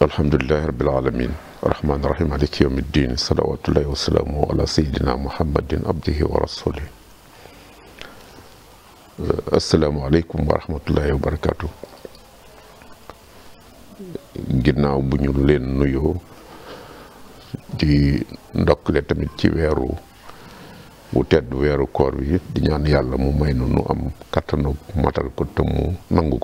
alhamdulilahi rabilalamin arahmanirahim maaliki yawmi ddin salawatullahi wasalaamu ala sayidina muhammadin abdihi wa rasulih uh, asalaamualeykum wa rahmatullahi wa barakatu ginnaaw bu ñu leen nuyoo di ndokkle tamit ci weeru bu tedd weeru koor bi di ñaan yàlla mu may nu am kattanu matal ko te mu nangu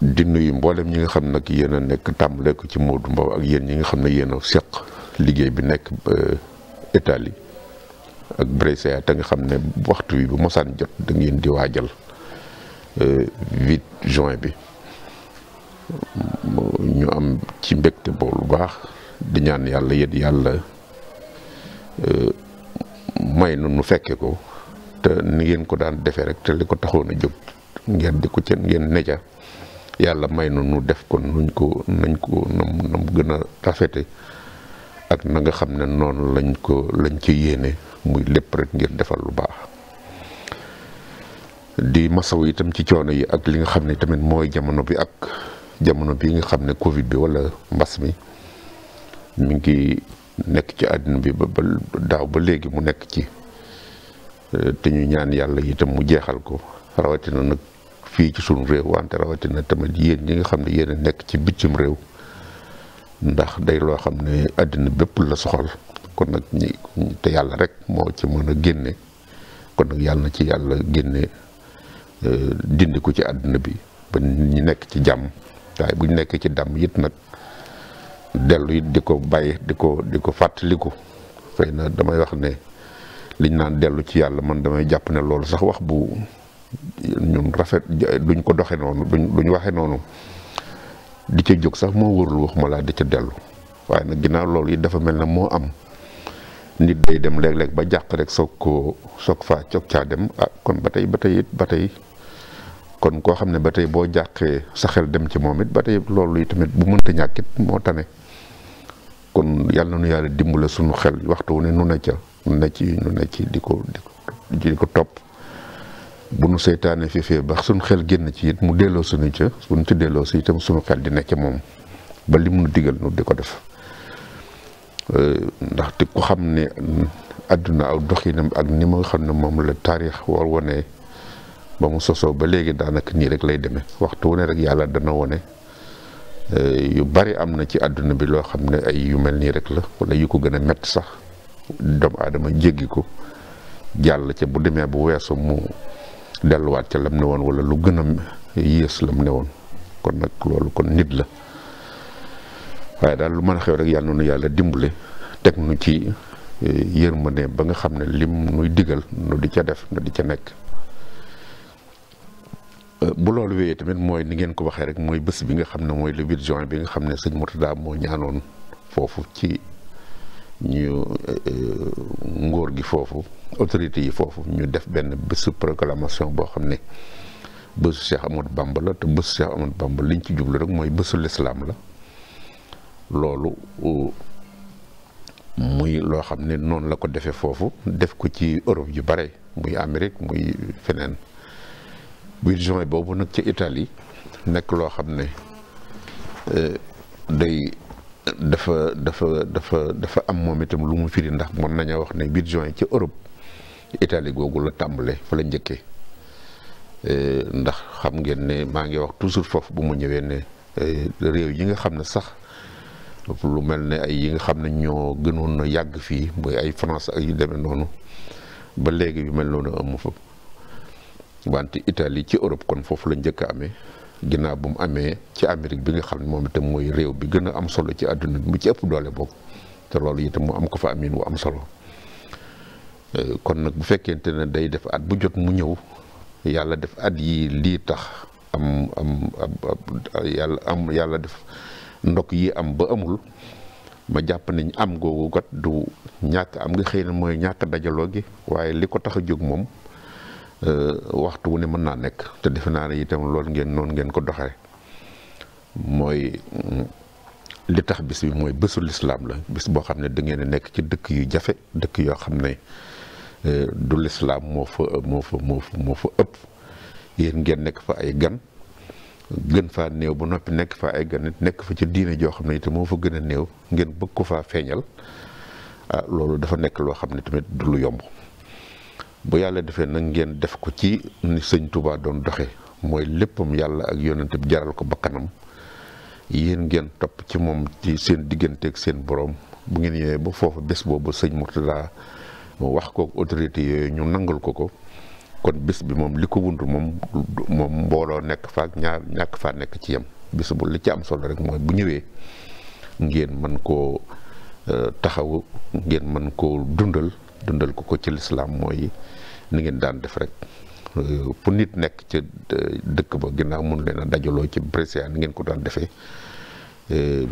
di nuyu mboolem ñi nga xam nag yéen nekk tàmbale ko ci Modou Mbaw ak yéen ñi nga xam ne yéen a seq liggéey bi nekk euh, Italie ak Brescia te nga xam ne waxtu bi bu mosaan jot da ngeen di waajal 8 euh, juin bi ñu am ci mbégte boolu baax di ñaan yàlla yét yàlla euh, may nu nu fekke ko te ni ngeen ko daan defee rek te li ko taxoon a jóg ngeen di ko ca ngeen neja yàlla may na nu def ko nuñ ko nañ ko nam nam gën a rafete ak na nga xam ne noonu lañ ko lañ ci yéene muy lépp rek ngir defal lu baax di masaw itam ci coono yi ak li nga xam ne tamit mooy jamono bi ak jamono bi nga xam ne covid bi wala mbas mi mi ngi nekk ci àddina bi ba daaw ba léegi mu nekk ci te ñu ñaan yàlla yitam mu jeexal ko rawatina nag fii ci sunu réew wante rawatina tamit yéen ñi nga xam ne yéen nekk ci bitim réew ndax day loo xam ne àddina bépp la soxal kon nag te yàlla rek moo ci mën a génne kon nag yàlla na ci yàlla génne euh, dindi ko ci àddina bi ba ñu nekk ci jàmm waaye bu ñu nekkee ci dàmm yit nag dellu it di ko bay di ko di ko fàttaliku xëy na damay wax ne liñ naan dellu ci yàlla man damay jàpp ne loolu sax wax bu rafet duñ ko doxe noonu duñ duñ waxe noonu di ca jóg sax moo wërul waxuma laa di ca dellu waaye nag ginnaaw loolu it dafa mel na moo am nit day dem léeg-léeg ba jàq rek soog koo soog faa soog caa dem ah kon ba tey ba tey it ba tey kon koo xam ne ba tey boo jàqee sa xel dem ci moom it ba tey loolu tamit bu mënta ñàkkit moo tane kon yàlla na nu yàlla dimbale sunu xel waxtu wu ne nu ne ca nu ne ci nu ne ci di ko di ko di ko topp bu nu seytaane fifee ba suñ xel génn ci it mu delloo suñu ca buñ ci delloo si itam sunu xel di nekk moom ba li mu digal nu di ko def euh, ndax te ku xam ne àdduna aw doxinam ak ni ma xam ne moom la taarix war wane ba mu ba léegi daanaka nii rek lay demee waxtu wu ne rek yàlla dana wane euh, yu bari am na ci àdduna bi loo xam ne ay yu mel nii rek la wala yu ko gën a métti sax doomu aadama jéggi ko jàll ca bu demee bu weesu mu. delluwaat ca lam ne woon wala lu gën a yées lam ne woon kon nag loolu kon nit la waaye daal lu mën a xew rek yàlla nu yàlla dimbale teg nu ci eh, yërmande ba nga xam ne lim nuy digal nu di ca def nu di ca nekk eh, bu loolu wéyee tamit mooy ni ngeen ko waxee rek mooy bés bi nga xam ne mooy le 8 bi nga xam ne sëñ Murtada moo ñaanoon foofu ci ñu euh, euh, ngóor gi foofu autorités yi foofu ñu def benn bésu proclamation boo xam ne bésu Cheikh Amadou Bamba la te bésu Cheikh Amadou Bamba liñ ci jublu rek mooy bésu lislaam la loolu euh, muy loo xam ne noonu la ko defee foofu def ko ci Europe yu bare muy Amérique muy feneen biir juin boobu nag ci Italie nekk loo xam ne day dafa dafa dafa dafa am moom itam lu mu firi ndax mën nañoo wax ne 8 juin ci Europe Italie googu la tàmbale fa la njëkkee eh, ndax xam ngeen ne maa ngi wax toujours foofu bu mu ñëwee ne eh, réew yi nga xam ne sax lu mel ne ay yi nga xam ne ñoo gënoon a yàgg fii mooy ay France ak yu demee noonu ba léegi yu mel noonu amu fa wante itali ci Europe kon foofu la njëkk a amee. ginnaaw bu mu amee ci Amérique bi nga xam ne moom itam mooy réew bi gën a am solo ci àdduna bi mu ci ëpp doole boobu te loolu itam mu am ko fa amin wu am solo euh, kon nag bu fekkente ne day def at bu jot mu ñëw yàlla def at yi lii tax am am yàlla am yàlla def ndokk yi am ba amul ma jàpp nañ am googu gat du ñàkk am nga xëy na mooy ñàkk dajaloo gi waaye li ko tax a jóg moom Euh, waxtu wu ne mën naa nekk te defe naa ne itam loolu ngeen noonu ngeen ko doxee mooy mm, li tax bis bi mooy bésu lislaam la bis boo xam ne da nekk ci dëkk yu jafe dëkk yoo xam ne euh, du lislaam moo fa moo fa moo fa ëpp yéen ngeen nekk fa ay gan gën faa néew ba noppi nekk fa ay gan nekk fa ci diine joo xam ne itam moo fa gën a néew ngeen bëgg ko faa feeñal ah loolu dafa nekk loo xam ne tamit du lu yomb bu yàlla defee nag ngeen def ko ci ni sëñ Touba doon doxe mooy léppam yàlla ak yonent jaral ko bakkanam yéen ngeen topp ci moom ci seen digganteeg seen borom bu ngeen ñëwee ba foofu bés boobu sëñ Mourtada wax ko autorité yooyu ñu nangal ko ko kon bés bi moom li ko wund moom moom mbooloo nekk faak ñaar ñàkk faa nekk ci yem bés bu li ci am solo rek mooy bu ñëwee ngeen mën koo euh, taxaw ngeen mën koo dundal dundal ko ko ci lislaam mooy ni ngeen daan def rek pour euh, nit nekk ca euh, dëkk ba ginnaaw mun leen a dajaloo ci Brescia ni ngeen ko daan defee euh,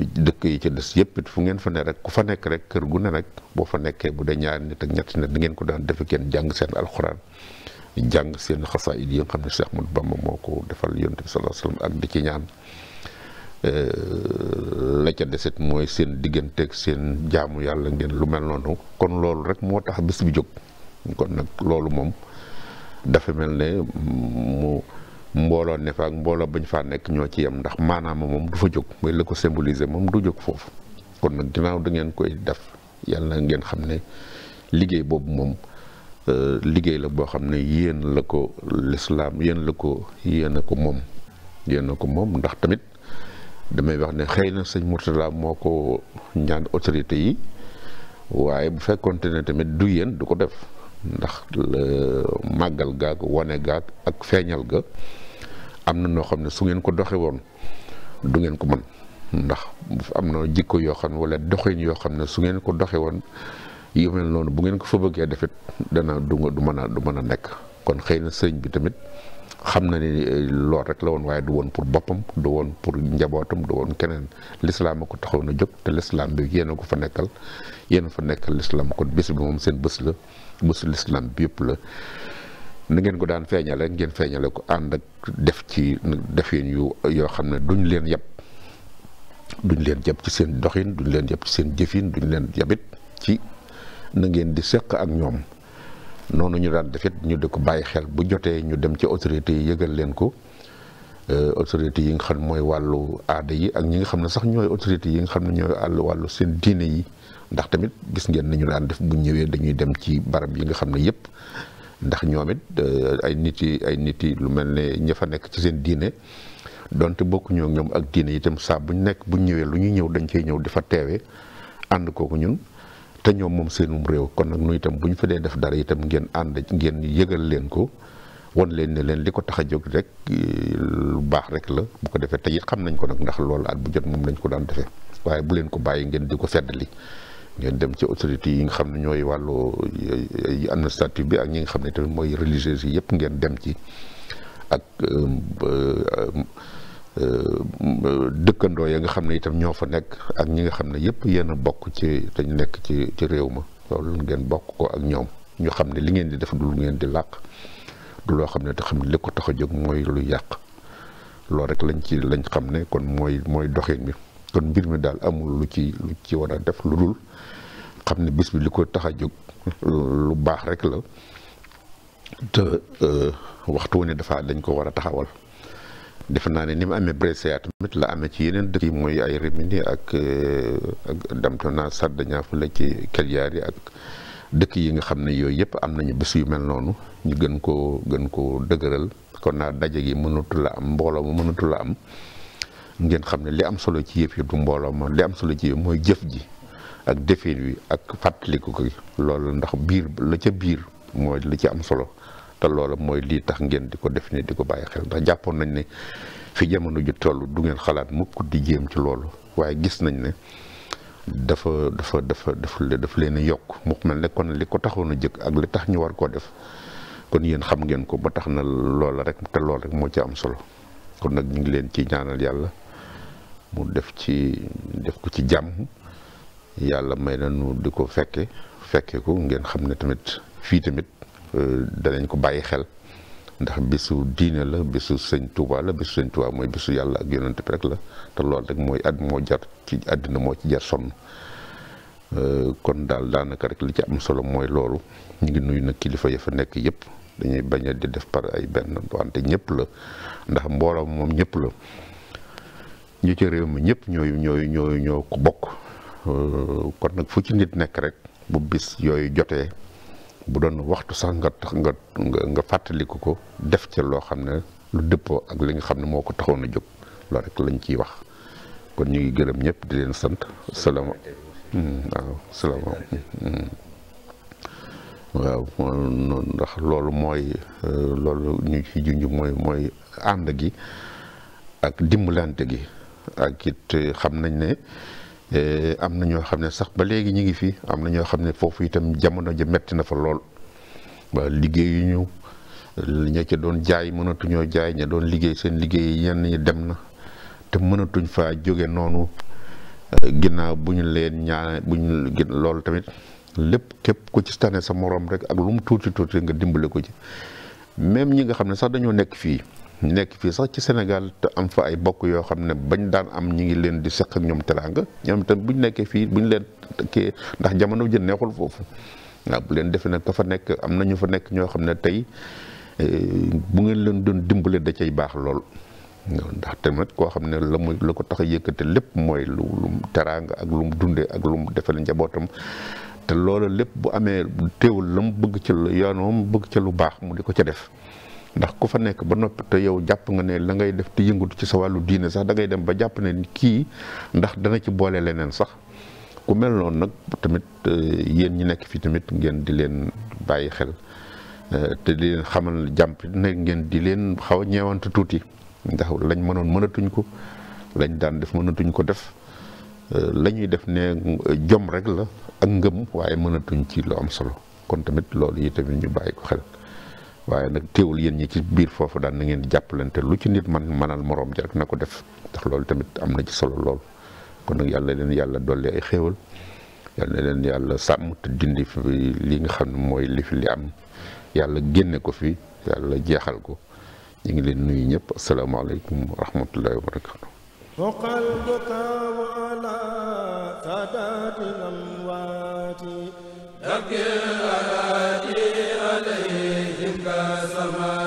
dëkk yi ca des yëpp it fu ngeen fa ne rek ku fa nekk rek kër gu ne rek boo fa nekkee bu dee ñaari nit ak ñetti ne ni ngeen ko daan defee kenn jàng seen alxuraan jàng seen xasaayid yi xam ne Cheikh Ahmadou Bamba moo ko defal yonent bi sallallahu alayhi ak di ci ñaan Euh, la ca deset mooy seen digganteeg seen jaamu yàlla ngeen lu mel noonu kon loolu rek moo tax bés bi jóg kon nag loolu moom dafa mel ne mu mbooloo ne ak mbooloo bañ faa nekk ñoo ci yem ndax maanaam moom du fa jóg mooy la ko symboliser moom du jóg foofu kon nag ginnaaw da ngeen koy def yàlla ngeen xam ne liggéey boobu moom euh, liggéey la boo xam ne yéen la ko lislaam yéen la ko yéen ko moom yéen a ko moom ndax tamit damay wax ne xëy na sëñ Mourtala moo ko ñaan autorité yi waaye bu fekkonte ne tamit du yéen du ko def ndax màggal gaag wane gaag ak feeñal ga am na noo xam ne su ngeen ko doxe woon du ngeen ko mën ndax am na jikko yoo xam ne walla doxin yoo xam ne su ngeen ko doxe woon yu mel noonu bu ngeen ko fa bëggee defit dana du du mën a du mën a nekk kon xëy na sëñ bi tamit xam na ni eh, lool rek la woon waaye du woon pour boppam du woon pour njabootam du woon keneen lislaam a ko taxaw na jóg te lislaam bi yéen a ko fa nekkal yéen fa nekkal lislaam kon bés bi moom seen bés la bésu lislaam bi yëpp la na ngeen ko daan feeñale ngeen feeñale ko ànd ak def ci defin yu yoo xam ne duñ leen yab duñ leen yab ci seen doxin duñ leen yab seen jëfin duñ leen yabit ci na ngeen di sëq ak ñoom noonu ñu daan defit ñu di bàyyi xel bu jotee ñu dem ci autorités yi yëgal leen ko euh, autorités yi nga xam mooy wàllu aada yi ak ñi nga xam ne sax ñooy autorités yi nga xam ne ñooy àll wàllu seen diine yi ndax tamit gis ngeen nañu daan def bu ñëwee dañuy dem ci barab yi nga xam ne yëpp ndax ñoom it euh, ay nit yi ay nit yi lu mel ne ña fa nekk ci seen diine donte bokkuñoo ñoom ak diine itam saa ñu nekk buñ ñëwee lu ñuy ñëw dañ cey ñëw di teewe ànd kooku ñun te ñoom moom seenum réew kon nag nu itam bu ñu fa def dara itam ngeen ànd ngeen yëgal leen ko won leen ne leen li ko tax a jóg rek eh, lu baax rek la bu ko defee te it xam nañ ko nag ndax loolu at bu moom lañ ko daan defee waaye bu leen ko bàyyi ngeen di ko feddali ngeen dem ci autorités yi nga xam ne ñooy wàllu eh, eh, administratif bi ak ñi nga xam ne tamit mooy religieuse yi yëpp ngeen dem ci ak. Euh, dëkkandoo ya nga xam ne itam ñoo fa nekk ak ñi nga xam ne yëpp yéen a bokk ci te nekk ci ci réew ma loolu ngeen bokk ko ak ñoom ñu xam ne li ngeen di def du lu ngeen di làq du loo xam ne te xam tax a jóg mooy lu yàq loolu rek lañ ci lañ xam ne kon mooy mooy doxin bi kon mbir mi daal amul lu ci ci war a def lu dul xam ne bis bi li ko tax a jóg lu baax rek la te euh, waxtu wu ne dafa dañ ko war a taxawal. defe naa ne ni mu amee Brescia tamit la amee ci yeneen dëkk yi mooy ay Rimini ak euh, ak Damtona Sardegna fu la ci yi ak dëkk yi nga xam ne yooyu yëpp am nañu bés yu mel noonu ñu gën koo gën koo dëgëral kon naa daje gi mënatu la am mbooloo ma mënatu la am ngeen xam ne li am solo ci yëf yi du mbooloo ma li am solo ci yëf mooy jëf ji ak defin wi ak fàttaliku ko loolu ndax biir la ca biir mooy la ci am solo. te loola mooy lii tax ngeen di ko def ni di ko bàyyi xel ndax jàppoon nañ ne fi jamono ju tollu du ngeen xalaat mukk di jéem ci loolu waaye gis nañ ne dafa dafa dafa dafa dafa leen yokk mu mel nekkoon kon li ko taxoon a jëkk ak li tax ñu war koo def kon yéen xam ngeen ko ba tax na loola rek te lool rek moo ci am solo kon nag ñu ngi leen ci ñaanal yàlla mu def ci def ko ci jàmm yàlla may na nu di ko fekke fekke ko ngeen xam ne tamit fii tamit Euh, danañ ko bàyyi xel ndax bisu diine la bisu sëñ Tuuba la bisu sëñ Tuuba mooy bisu yàlla ak yonent bi rek la te loolu rek mooy at moo jar ci àddina moo ci jar sonn euh, kon daal daanaka rek li ci am solo mooy loolu ñu ngi nuyu nag kilifa yi fa nekk yëpp dañuy bañ a di def par ay benn wante ñëpp la ndax mbooloo moom ñëpp la ñi ci réew mi ñëpp ñooy ñooy ñooy ñoo ko bokk euh, kon nag fu ci nit nekk rek bu bis yooyu jotee. bu doon waxtu sax nga tax nga nga fàttaliku ko def ci loo xam ne lu dëppoo ak li nga xam ne moo ko taxoon a jóg loolu lañ ciy wax kon ñu ngi gërëm ñëpp di leen sant salaam hmm, loolu mooy euh, loolu ñu ci junj mooy mooy ànd gi ak dimbalante gi ak it xam nañ ne Eh, am na ñoo xam ne sax ba léegi ñu ngi fii am na ñoo xam ne foofu itam jamono ji metti na fa lool waa liggéeyuñu ña ca doon jaay mënatuñoo jaay ña doon liggéey seen liggéey yenn ñi dem na te mënatuñ faa jóge noonu eh, ginnaaw bu ñu leen ñaane buñ ñu loolu tamit lépp képp ku ci tane sa moroom rek ak lu mu tuuti tuuti nga dimbale ko ci même ñi nga xam ne sax dañoo nekk fii ñu nekk fii sax ci Sénégal te am fa ay bokk yoo xam ne bañ daan am ñi ngi leen di seq ak ñoom teraanga ñoom itam bu ñu nekkee fii bu ñu leen kii ndax jamono jën neexul foofu leen defee nag fa nekk am na ñu fa nekk ñoo xam ne tey eh, bu ngeen leen doon dimbale da cay baax lool. ndax tamit koo xam ne la muy lu ko tax a yëkkate lépp mooy lu lu teraanga ak lu mu dundee ak lu mu defal njabootam. te loolu lépp bu amee teewul la bëgg ci lu bëgg ca lu baax mu di ko ca def ndax ku fa nekk ba noppi te yow jàpp nga ne la ngay def te yëngatu ci sa wàllu diine sax da ngay dem ba jàpp ne kii ndax dana ci boole leneen sax ku mel noonu nag tamit euh, yéen ñi nekk fii tamit ngeen di leen bàyyi xel euh, te di leen xamal jàmp ne ngeen di leen xaw a ñeewante tuuti ndax lañ mënoon mënatuñ ko lañ daan def mënatuñ ko def euh, lañuy def ne jom rek la ak ngëm waaye mënatuñ ci lu am solo kon tamit loolu yi tamit ñu bàyyi ko xel. waaye nag teewul yéen ñi ci biir foofu daan na ngeen jàppalante lu ci nit man manal moroom ji rek na ko def ndax loolu tamit am na ci solo lool kon nag yàlla leen yàlla dolli ay xéewal yàlla leen yàlla sàmm te dindi fi li xam ne mooy li fi am yàlla génne ko fi yàlla jeexal ko ñu ngi leen nuyu ñëpp asalaamaaleykum wa rahmatullahi wa barakatu وقل بكاء على سادات الأموات mustafa